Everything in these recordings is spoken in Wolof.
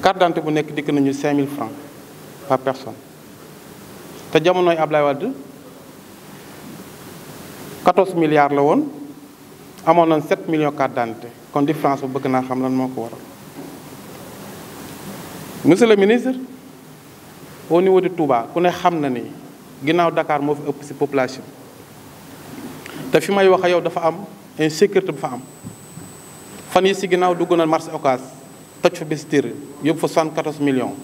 carte d'identité bu de 5000 francs par personne te jamonoy Ablaye Wade 14 milliards de 7 millions carte d'identité kon différence bu bëgg monsieur le ministre au niveau de Touba ku ne xam na ni Dakar population insécurité fan toj fa téere yóbbu fa 74 millions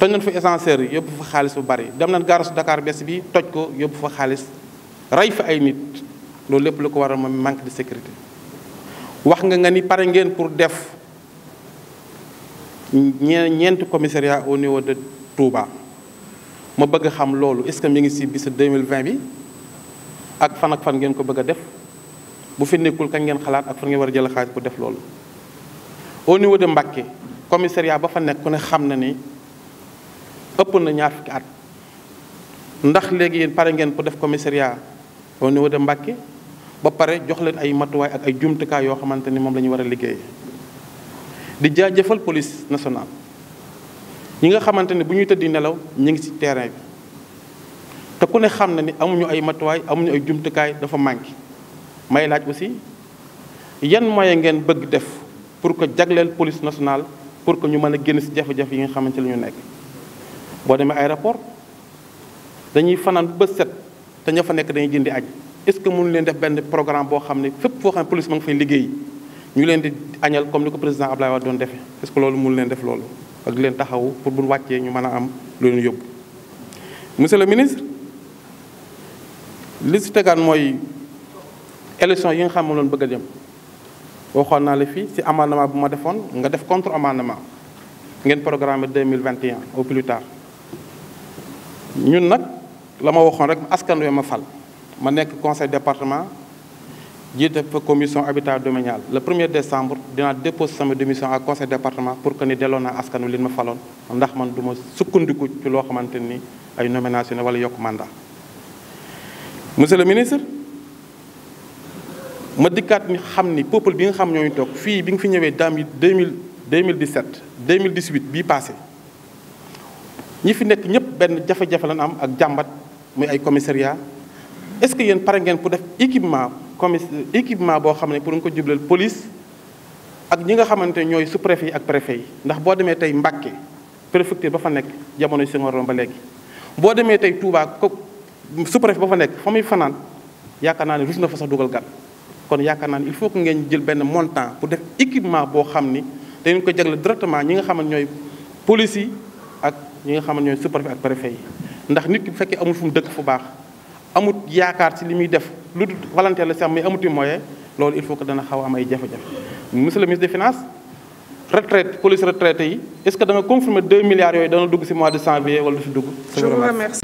toj nañ fa ascenseur yi yóbbu fa xaalis bu bari dem nañ gaaru Dakar bes bi toj ko yóbbu fa xaalis rey fa ay nit loolu lépp lu ko waral moom manque de sécurité wax nga nga ni pare ngeen pour def ñee ñeenti commissariat au niveau de Touba ma bëgg a xam loolu est-ce que mi ngi ci mille 2020 bi ak fan ak fan ngeen ko bëgg a def bu fi nekkul kañ ngeen xalaat ak fan ngeen war a jël xaalis bu def loolu au niveau de Mbacké commissariat ba fa nekk ku ne xam na ni ëpp na ñaar fukki at ndax léegi yéen pare ngeen pour def commissariat au niveau de Mbacké ba pare jox leen ay matuwaay ak ay jumtukaay yoo xamante ni moom la war a liggéey di jaajëfal polis national ñi nga xamante ni bu ñuy tëdd nelaw ñu ngi ci terrain bi te ku ne xam na ni amuñu ay matuwaay amuñu ay jumtukaay dafa manqué may laaj aussi yan moyen ngeen bëgg def. pour que jagleel police nationale pour que ñu mëna a ci jafé jafé yi nga xamanteni ñu nek bo boo ay rapport dañuy fanan bu set té ñafa nek dañuy jindi aj est ce que mënu leen def ben programme bo xamné fep fo xamné police ma nga fay liggéey ñu leen di añal comme ni ko président Ablaye Wade doon est ce que lolu mënu leen def lolu ak leen taxaw pour bu waccé ñu mëna am lu ñu yob monsieur le ministre liste tagan moy élection yi nga xamul won bëgg waxoon naa la fii ci amendement bu ma defoon nga def contre amendement ngeen programme 2021 au plus tard ñun nag la ma waxoon rek askan wi ma fal ma nekk conseil département jiite fa commission habitat domanial le 1er décembre dinaa déposé sama démission à conseil département pour que ni delloo naa askan wi li ma faloon ndax man du ma sukkandiku ci loo xamante ni ay nomination wala yokk mandat monsieur le ministre ma dikkaat ni xam ni peuple bi nga xam ñooñu toog fii bi nga fi ñëwee daam yi 2017 2018 bii passé ñi fi nekk ñëpp benn jafe-jafe lañ am ak jàmbat muy ay commissariat est-ce que yéen pare ngeen pour def équipement commis équipement boo xam ne pour nga ko jubleel police ak ñi nga xamante ñooy sous yi ak préfet yi ndax boo demee tey Mbacké préfecture ba fa nekk jamono Senghor ba léegi boo demee tey Touba ko sous-préfet ba fa nekk fa fanaan yaakaar naa ne rus na fa sax dugal gan kon yaakaar naa il faut que ngeen jël benn montant pour def équipement boo xam ni dañu ko jagle directement ñi nga xam ne ñooy police yi ak ñi nga xam ne ñooy sous ak préfet yi ndax nit ki bu fekkee amul fu mu dëkk fu baax amut yaakaar ci li muy def lu dul volontaire la sax mais amuti moyen loolu il faut que dana xaw am ay jafe-jafe monsieur le ministre des finances retraite police retraité yi est-ce que dama confirmer 2 milliards yooyu dana dugg ci mois de janvier wala du ci dugg. je vous remercie.